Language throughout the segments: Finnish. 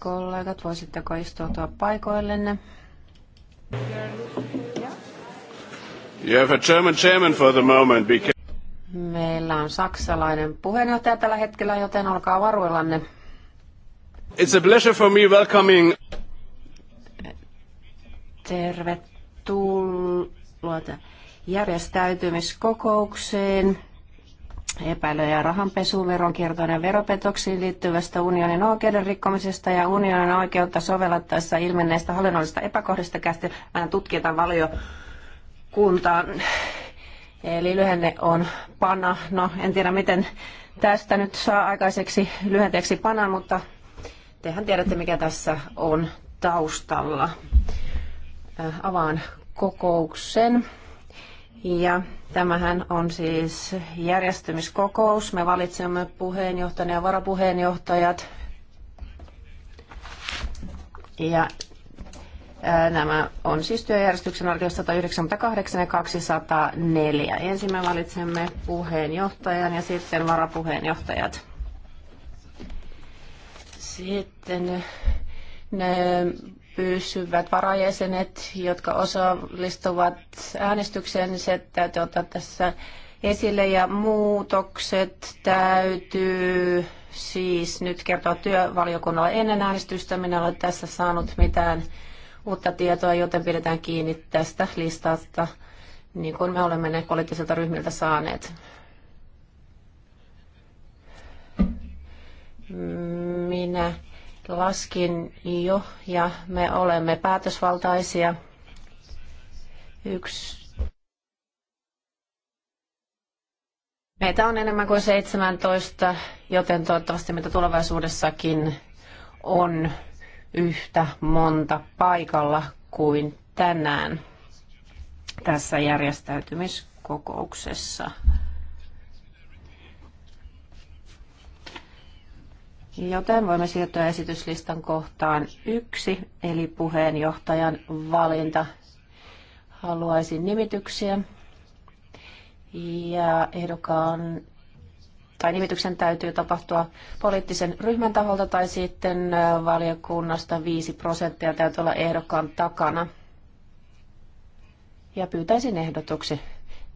kollegat, voisitteko istua paikoillenne? You have a German chairman for the moment because... Meillä on saksalainen puheenjohtaja tällä hetkellä, joten olkaa varuillanne. It's a pleasure for me welcoming... Tervetuloa järjestäytymiskokoukseen epäilyjä rahanpesuun, veronkiertoon ja veropetoksiin liittyvästä unionin oikeuden rikkomisesta ja unionin oikeutta sovellettaessa ilmenneistä hallinnollisista epäkohdista käsitellään valiokuntaan. Eli lyhenne on PANA. No, en tiedä miten tästä nyt saa aikaiseksi lyhenteeksi PANA, mutta tehän tiedätte mikä tässä on taustalla. Äh, avaan kokouksen. Ja tämähän on siis järjestymiskokous. Me valitsemme puheenjohtajan ja varapuheenjohtajat. Ja Nämä on siis työjärjestyksen artikla 198 ja 204. Ensin me valitsemme puheenjohtajan ja sitten varapuheenjohtajat. Sitten ne pysyvät varajäsenet, jotka osallistuvat äänestykseen, se täytyy ottaa tässä esille ja muutokset täytyy siis nyt kertoa työvaliokunnalle ennen äänestystä. Minä olen tässä saanut mitään uutta tietoa, joten pidetään kiinni tästä listasta, niin kuin me olemme ne poliittisilta ryhmiltä saaneet. Minä laskin jo ja me olemme päätösvaltaisia. Yksi Meitä on enemmän kuin 17, joten toivottavasti meitä tulevaisuudessakin on yhtä monta paikalla kuin tänään tässä järjestäytymiskokouksessa. Joten voimme siirtyä esityslistan kohtaan yksi, eli puheenjohtajan valinta. Haluaisin nimityksiä. Ja ehdokkaan tai nimityksen täytyy tapahtua poliittisen ryhmän taholta tai sitten valiokunnasta 5 prosenttia täytyy olla ehdokkaan takana. Ja pyytäisin ehdotuksi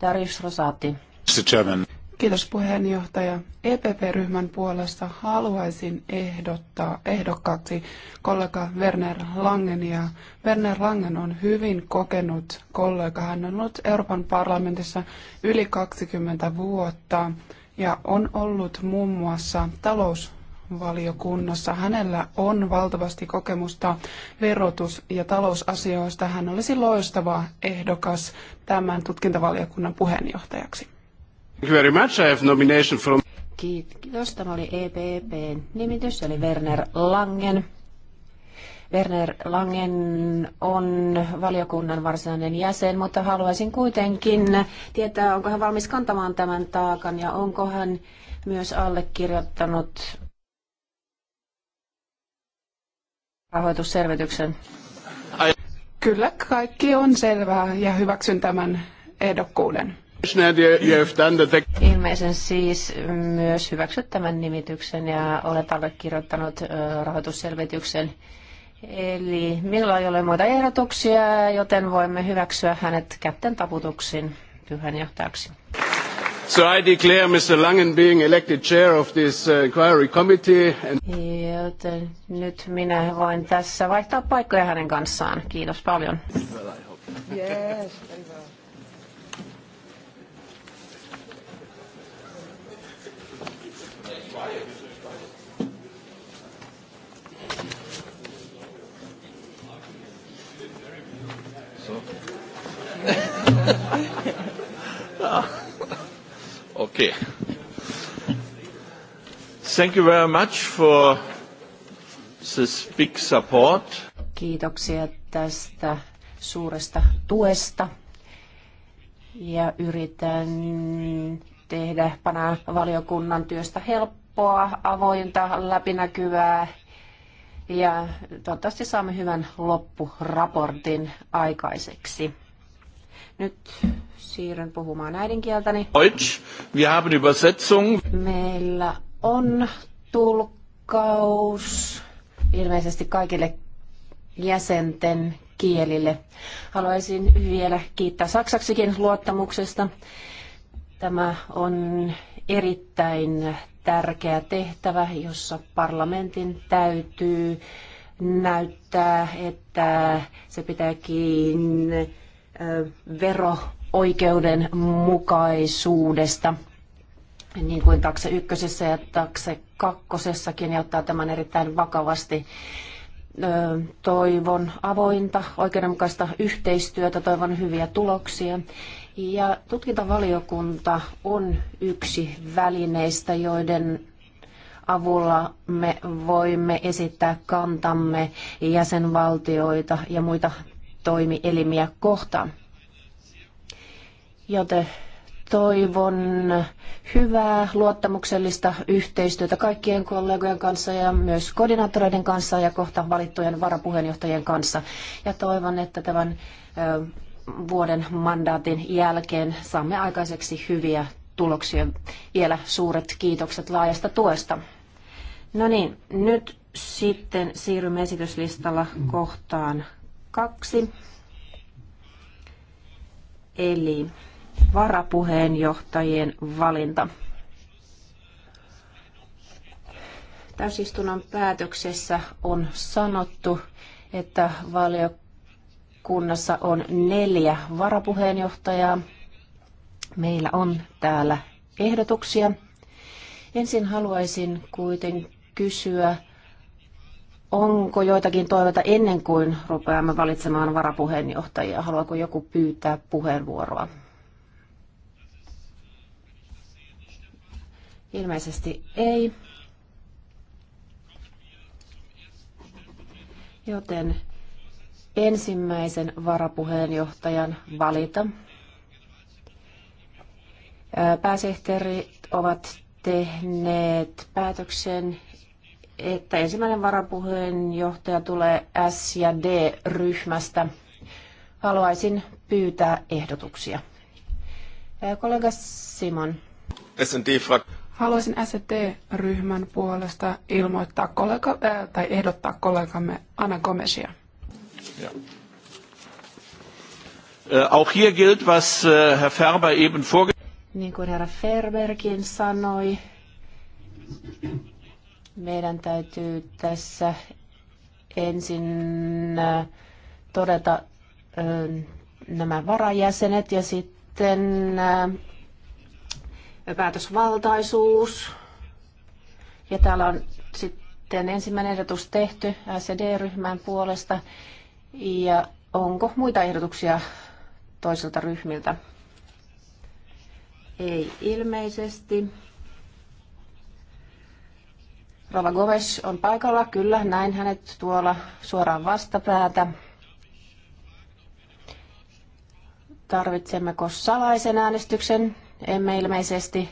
Darius Rosati. Mr. Chairman. Kiitos puheenjohtaja. EPP-ryhmän puolesta haluaisin ehdottaa ehdokkaaksi kollega Werner Langenia. Werner Langen on hyvin kokenut kollega. Hän on ollut Euroopan parlamentissa yli 20 vuotta ja on ollut muun muassa talousvaliokunnassa. Hänellä on valtavasti kokemusta verotus- ja talousasioista. Hän olisi loistava ehdokas tämän tutkintavaliokunnan puheenjohtajaksi very much. I have nomination from... Kiitos. Tämä oli EPPn nimitys, eli Werner Langen. Werner Langen on valiokunnan varsinainen jäsen, mutta haluaisin kuitenkin tietää, onko hän valmis kantamaan tämän taakan ja onko hän myös allekirjoittanut rahoitusselvityksen. Kyllä, kaikki on selvää ja hyväksyn tämän ehdokkuuden. Ilmeisen siis myös hyväksyt tämän nimityksen ja olet allekirjoittanut rahoitusselvityksen. Eli minulla ei ole muita ehdotuksia, joten voimme hyväksyä hänet kätten taputuksin pyhänjohtajaksi. So I declare Mr. Langen being elected chair of this uh, inquiry committee. And... Joten nyt minä voin tässä vaihtaa paikkoja hänen kanssaan. Kiitos paljon. Yes. okay. Thank you very much for this big support. Kiitoksia tästä suuresta tuesta ja yritän tehdä pana valiokunnan työstä helppoa, avointa, läpinäkyvää ja toivottavasti saamme hyvän loppuraportin aikaiseksi. Nyt siirryn puhumaan äidinkieltäni. Deutsch. Wir haben Übersetzung. Meillä on tulkkaus ilmeisesti kaikille jäsenten kielille. Haluaisin vielä kiittää Saksaksikin luottamuksesta. Tämä on erittäin tärkeä tehtävä, jossa parlamentin täytyy näyttää, että se pitää kiinni vero-oikeudenmukaisuudesta, niin kuin takse ykkösessä ja takse kakkosessakin, ja ottaa tämän erittäin vakavasti toivon avointa, oikeudenmukaista yhteistyötä, toivon hyviä tuloksia. Ja tutkintavaliokunta on yksi välineistä, joiden avulla me voimme esittää kantamme jäsenvaltioita ja muita toimielimiä kohtaan. Joten Toivon hyvää luottamuksellista yhteistyötä kaikkien kollegojen kanssa ja myös koordinaattoreiden kanssa ja kohta valittujen varapuheenjohtajien kanssa. Ja toivon, että tämän vuoden mandaatin jälkeen saamme aikaiseksi hyviä tuloksia. Vielä suuret kiitokset laajasta tuesta. No niin, nyt sitten siirrymme esityslistalla kohtaan kaksi. Eli varapuheenjohtajien valinta. Täysistunnon päätöksessä on sanottu, että valiokunnassa on neljä varapuheenjohtajaa. Meillä on täällä ehdotuksia. Ensin haluaisin kuitenkin kysyä, onko joitakin toiveita ennen kuin rupeamme valitsemaan varapuheenjohtajia? Haluaako joku pyytää puheenvuoroa? Ilmeisesti ei. Joten ensimmäisen varapuheenjohtajan valita. Pääsihteerit ovat tehneet päätöksen, että ensimmäinen varapuheenjohtaja tulee S- ja D-ryhmästä. Haluaisin pyytää ehdotuksia. Kollega Simon. Haluaisin ST-ryhmän puolesta ilmoittaa kollega, äh, tai ehdottaa kollegamme Anna Gomesia. Ja. Äh, auch hier gilt, was äh, Herr Ferber eben vorge Niin kuin herra Ferberkin sanoi, meidän täytyy tässä ensin äh, todeta äh, nämä varajäsenet ja sitten äh, päätösvaltaisuus. Ja täällä on sitten ensimmäinen ehdotus tehty CD-ryhmän puolesta. Ja onko muita ehdotuksia toisilta ryhmiltä? Ei ilmeisesti. Rova Goves on paikalla, kyllä, näin hänet tuolla suoraan vastapäätä. Tarvitsemmeko salaisen äänestyksen? Emme ilmeisesti,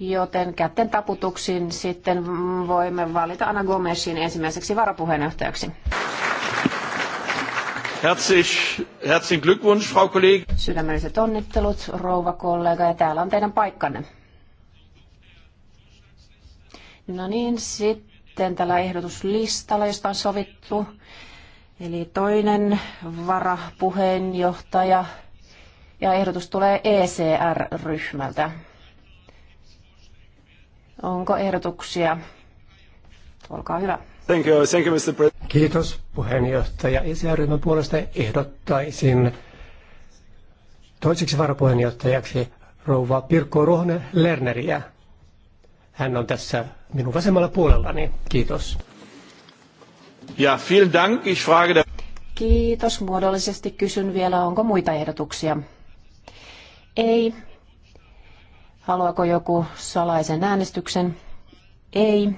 joten kätten taputuksin sitten voimme valita Anna Gomesin ensimmäiseksi varapuheenjohtajaksi. Herzlich, herzlichen Glückwunsch, Frau Kollegin. Sydämelliset onnittelut, rouva kollega, ja täällä on teidän paikkanne. No niin, sitten tällä ehdotuslistalla, josta on sovittu, eli toinen varapuheenjohtaja ja ehdotus tulee ECR-ryhmältä. Onko ehdotuksia? Olkaa hyvä. Thank you, thank you, Mr. Kiitos puheenjohtaja. ECR-ryhmän puolesta ehdottaisin toiseksi varapuheenjohtajaksi rouva Pirkko Ruohonen Lerneriä. Hän on tässä minun vasemmalla puolellani. Kiitos. Ja, vielen Dank. Ich frage der... Kiitos. Muodollisesti kysyn vielä, onko muita ehdotuksia? Ei. Haluaako joku salaisen äänestyksen? Ei.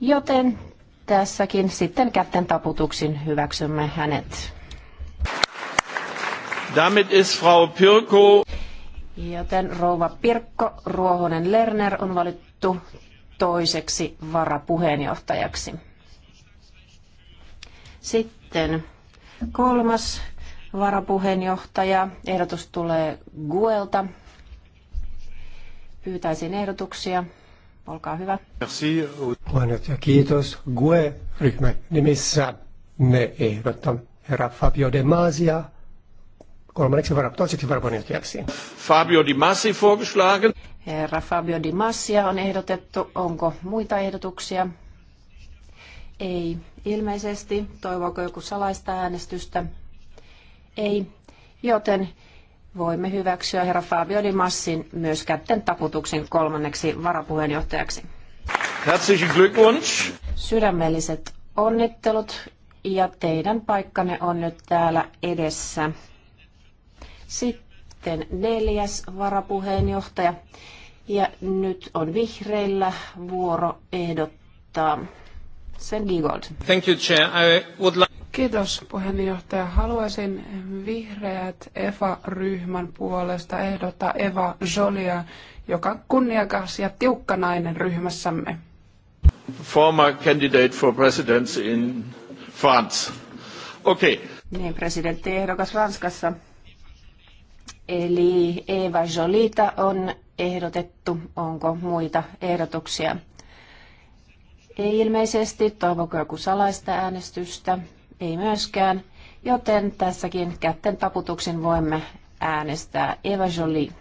Joten tässäkin sitten kätten taputuksin hyväksymme hänet. Damit ist Frau Pirko. Joten rouva Pirkko Ruohonen Lerner on valittu toiseksi varapuheenjohtajaksi. Sitten kolmas varapuheenjohtaja. Ehdotus tulee Guelta. Pyytäisin ehdotuksia. Olkaa hyvä. Puheenjohtaja, kiitos. GUE-ryhmän nimissä ne ehdotan herra Fabio De Masia kolmanneksi vara, toiseksi varapuheenjohtajaksi. Fabio Di Massi vorgeschlagen. Herra Fabio Di Massia on ehdotettu. Onko muita ehdotuksia? Ei ilmeisesti. Toivooko joku salaista äänestystä? Ei, joten voimme hyväksyä herra Fabio Di Massin myös kätten taputuksen kolmanneksi varapuheenjohtajaksi. Herzlichen Glückwunsch. Sydämelliset onnittelut ja teidän paikkanne on nyt täällä edessä. Sitten neljäs varapuheenjohtaja ja nyt on vihreillä vuoro ehdottaa Sven Giegold. Thank you, Chair. I would like... Kiitos puheenjohtaja. Haluaisin vihreät EFA-ryhmän puolesta ehdottaa Eva Jolia, joka on kunniakas ja tiukka nainen ryhmässämme. Former candidate for in France. Okei. Okay. Niin, presidentti ehdokas Ranskassa. Eli Eva Jolita on ehdotettu. Onko muita ehdotuksia? Ei ilmeisesti. Toivoko joku salaista äänestystä? Ei myöskään. Joten tässäkin kätten taputuksen voimme äänestää Eva Jolie.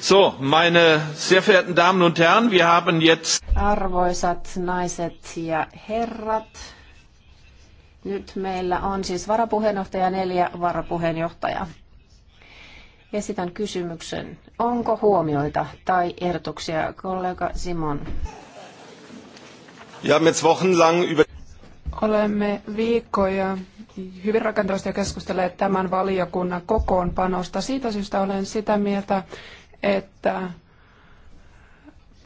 So, meine sehr verehrten Damen und Herren, wir haben jetzt... Arvoisat naiset ja herrat, nyt meillä on siis varapuheenjohtaja neljä varapuheenjohtajaa. Esitän kysymyksen. Onko huomioita tai ehdotuksia kollega Simon? Olemme viikkoja hyvin rakentavasti keskustelleet tämän valiokunnan kokoonpanosta. Siitä syystä olen sitä mieltä, että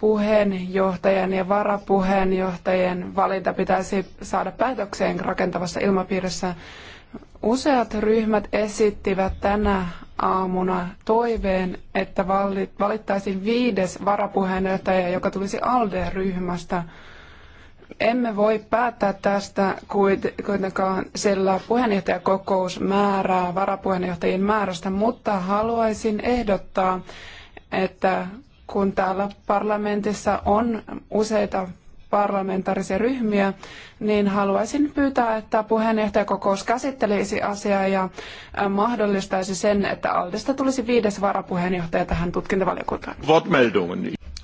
puheenjohtajan ja varapuheenjohtajien valinta pitäisi saada päätökseen rakentavassa ilmapiirissä. Useat ryhmät esittivät tänä aamuna toiveen, että valittaisiin viides varapuheenjohtaja, joka tulisi ALDE-ryhmästä. Emme voi päättää tästä kuitenkaan, sillä puheenjohtajakokous määrää varapuheenjohtajien määrästä, mutta haluaisin ehdottaa, että kun täällä parlamentissa on useita parlamentaarisia ryhmiä, niin haluaisin pyytää, että puheenjohtajakokous käsittelisi asiaa ja mahdollistaisi sen, että Aldesta tulisi viides varapuheenjohtaja tähän tutkintavaliokuntaan.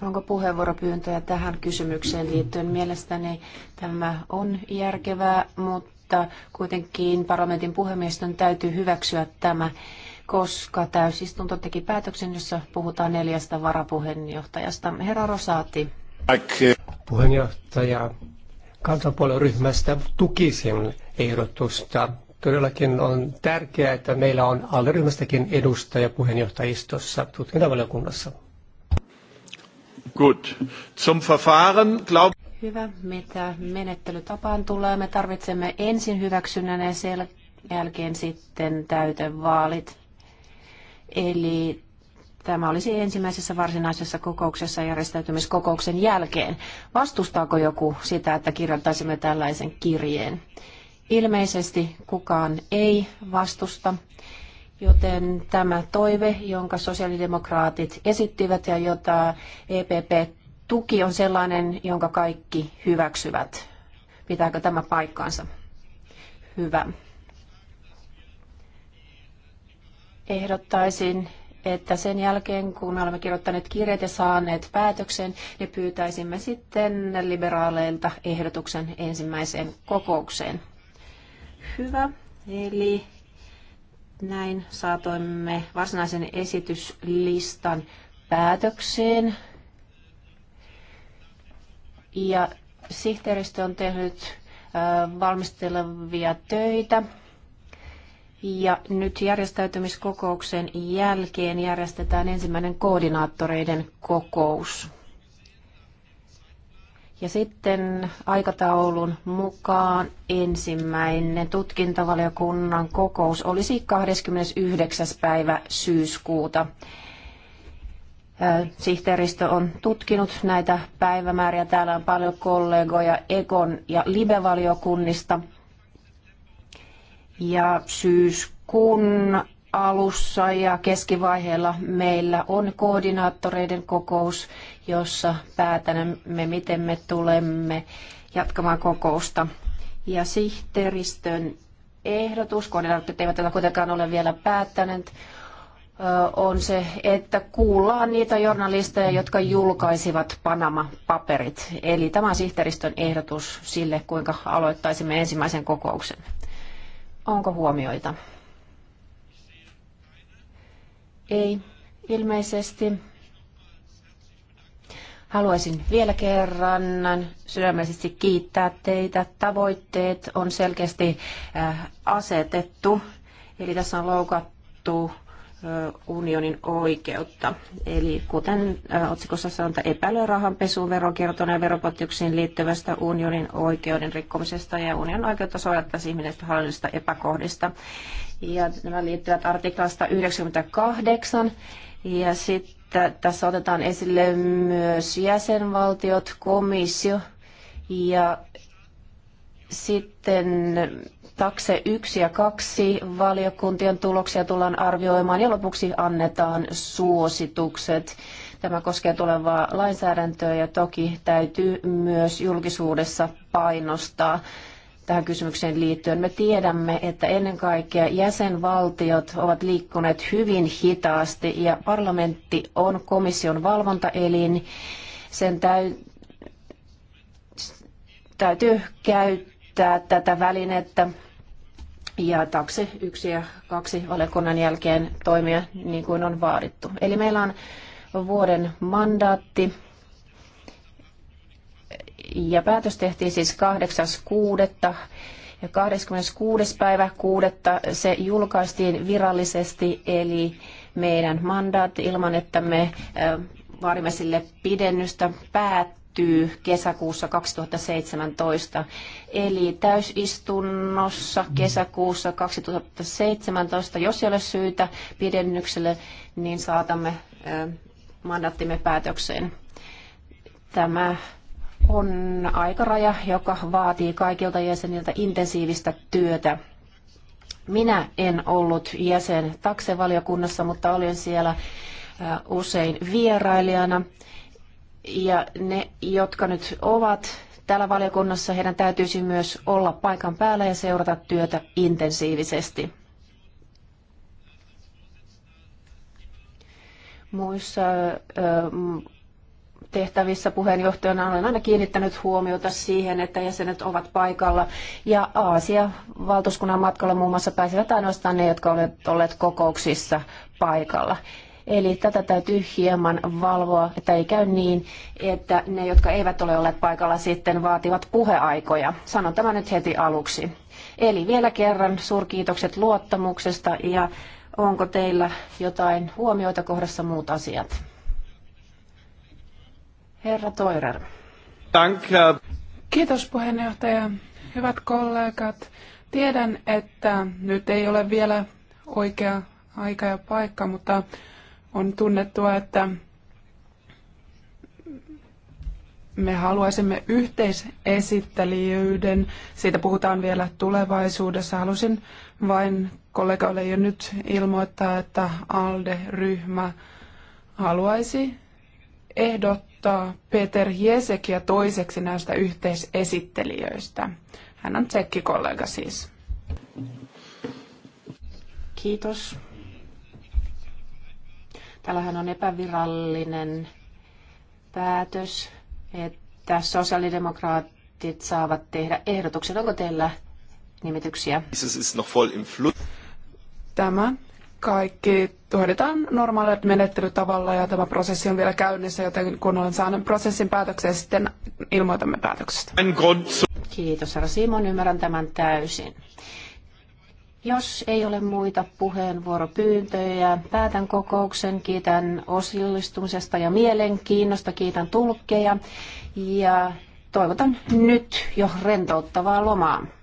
Onko puheenvuoropyyntöjä tähän kysymykseen liittyen? Mielestäni tämä on järkevää, mutta kuitenkin parlamentin puhemiestön täytyy hyväksyä tämä koska täysistunto teki päätöksen, jossa puhutaan neljästä varapuheenjohtajasta. Herra Rosati puheenjohtaja kansanpuolueryhmästä sen ehdotusta. Todellakin on tärkeää, että meillä on alleryhmästäkin edustaja puheenjohtajistossa tutkintavaliokunnassa. Good. Zum Verfahren, glaub... Hyvä. Mitä menettelytapaan tulee? Me tarvitsemme ensin hyväksynnän ja sen jälkeen sitten täytevaalit. Eli Tämä olisi ensimmäisessä varsinaisessa kokouksessa järjestäytymiskokouksen jälkeen. Vastustaako joku sitä, että kirjoittaisimme tällaisen kirjeen? Ilmeisesti kukaan ei vastusta, joten tämä toive, jonka sosiaalidemokraatit esittivät ja jota EPP tuki, on sellainen, jonka kaikki hyväksyvät. Pitääkö tämä paikkaansa? Hyvä. Ehdottaisin, että sen jälkeen, kun me olemme kirjoittaneet kirjat ja saaneet päätöksen, niin pyytäisimme sitten liberaaleilta ehdotuksen ensimmäiseen kokoukseen. Hyvä. Eli näin saatoimme varsinaisen esityslistan päätökseen. Ja sihteeristö on tehnyt valmistelevia töitä ja nyt järjestäytymiskokouksen jälkeen järjestetään ensimmäinen koordinaattoreiden kokous. Ja sitten aikataulun mukaan ensimmäinen tutkintavaliokunnan kokous olisi 29. päivä syyskuuta. Sihteeristö on tutkinut näitä päivämääriä. Täällä on paljon kollegoja Ekon ja Live-valiokunnista – ja syyskuun alussa ja keskivaiheella meillä on koordinaattoreiden kokous, jossa päätämme, miten me tulemme jatkamaan kokousta. Ja sihteeristön ehdotus, koordinaattorit eivät tätä kuitenkaan ole vielä päättäneet, on se, että kuullaan niitä journalisteja, jotka julkaisivat Panama-paperit. Eli tämä on sihteeristön ehdotus sille, kuinka aloittaisimme ensimmäisen kokouksen. Onko huomioita? Ei, ilmeisesti. Haluaisin vielä kerran sydämellisesti kiittää teitä. Tavoitteet on selkeästi äh, asetettu, eli tässä on loukattu unionin oikeutta. Eli kuten otsikossa sanotaan, epäilyä rahanpesuun, veronkiertoon ja veropotjuksiin liittyvästä unionin oikeuden rikkomisesta ja unionin oikeutta suojattaisiin ihmisestä hallinnollisista epäkohdista. Ja nämä liittyvät artiklasta 98 ja sitten tässä otetaan esille myös jäsenvaltiot, komissio ja sitten Takse 1 ja 2 valiokuntien tuloksia tullaan arvioimaan ja lopuksi annetaan suositukset. Tämä koskee tulevaa lainsäädäntöä ja toki täytyy myös julkisuudessa painostaa tähän kysymykseen liittyen. Me tiedämme, että ennen kaikkea jäsenvaltiot ovat liikkuneet hyvin hitaasti ja parlamentti on komission valvontaelin. Sen täy- täytyy käyttää tätä välinettä ja takse yksi ja kaksi valiokunnan jälkeen toimia niin kuin on vaadittu. Eli meillä on vuoden mandaatti ja päätös tehtiin siis 8.6. ja 26. päivä 6. se julkaistiin virallisesti eli meidän mandaatti ilman, että me vaadimme sille pidennystä päät päättyy kesäkuussa 2017. Eli täysistunnossa kesäkuussa 2017, jos ei ole syytä pidennykselle, niin saatamme mandattimme päätökseen. Tämä on aikaraja, joka vaatii kaikilta jäseniltä intensiivistä työtä. Minä en ollut jäsen taksevaliokunnassa, mutta olin siellä usein vierailijana ja ne, jotka nyt ovat täällä valiokunnassa, heidän täytyisi myös olla paikan päällä ja seurata työtä intensiivisesti. Muissa tehtävissä puheenjohtajana olen aina kiinnittänyt huomiota siihen, että jäsenet ovat paikalla. Ja Aasia valtuuskunnan matkalla muun muassa pääsevät ainoastaan ne, jotka ovat olleet kokouksissa paikalla. Eli tätä täytyy hieman valvoa, että ei käy niin, että ne, jotka eivät ole olleet paikalla sitten, vaativat puheaikoja. Sanon tämä nyt heti aluksi. Eli vielä kerran suurkiitokset luottamuksesta ja onko teillä jotain huomioita kohdassa muut asiat? Herra Toirer. Äh, Kiitos puheenjohtaja. Hyvät kollegat, tiedän, että nyt ei ole vielä oikea aika ja paikka, mutta on tunnettua, että me haluaisimme yhteisesittelijöiden. Siitä puhutaan vielä tulevaisuudessa. Halusin vain kollegoille jo nyt ilmoittaa, että ALDE-ryhmä haluaisi ehdottaa Peter Jesekia toiseksi näistä yhteisesittelijöistä. Hän on tsekkikollega siis. Kiitos. Tällähän on epävirallinen päätös, että sosiaalidemokraatit saavat tehdä ehdotuksen. Onko teillä nimityksiä? Tämä kaikki hoidetaan normaalilla menettelytavalla ja tämä prosessi on vielä käynnissä, joten kun olen saanut prosessin päätöksen, sitten ilmoitamme päätöksestä. Kiitos, herra Simon. Ymmärrän tämän täysin. Jos ei ole muita puheenvuoropyyntöjä, päätän kokouksen. Kiitän osallistumisesta ja mielenkiinnosta. Kiitän tulkkeja ja toivotan nyt jo rentouttavaa lomaa.